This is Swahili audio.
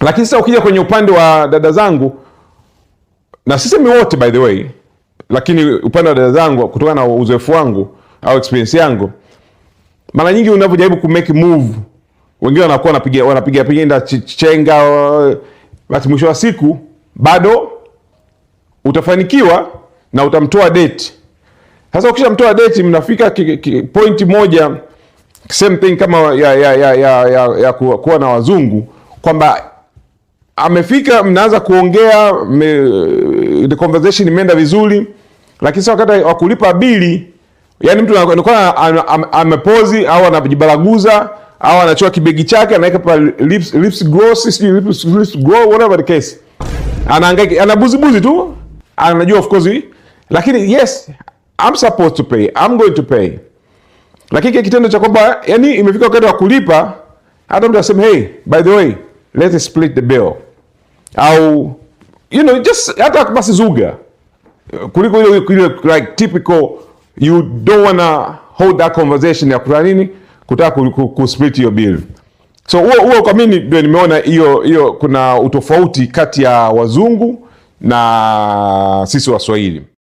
Lakini sasa ukija kwenye upande wa dada zangu, na sisemi wote by the way, lakini upande wa dada zangu, kutokana na uzoefu wangu au experience yangu, mara nyingi unavyojaribu ku make move, wengine wanakuwa wanapiga wanapiga pinda chenga, basi mwisho wa siku bado utafanikiwa na utamtoa date. Sasa ukisha mtoa date, mnafika ki, ki, point moja, same thing kama ya, ya, ya, ya, ya, ya kuwa na wazungu kwamba amefika, mnaanza kuongea me, the conversation imeenda vizuri, lakini sasa wakati wa kulipa bili, yani mtu anakuwa amepozi au anajibaraguza au anachoa kibegi chake anaweka pa lips lips gloss sijui lips, lips glow whatever the case, anahangaika anabuzibuzi tu, anajua of course, lakini yes I'm supposed to pay I'm going to pay, lakini kile kitendo cha kwamba yani imefika wakati wa kulipa, hata mtu aseme hey, by the way let's split the bill au you know, just hata basi zuga kuliko ile like typical you don't wanna hold that conversation ya kuna nini kutaka kusplit your bill. So huo huo kwa mimi ndio nimeona hiyo hiyo kuna utofauti kati ya wazungu na sisi Waswahili.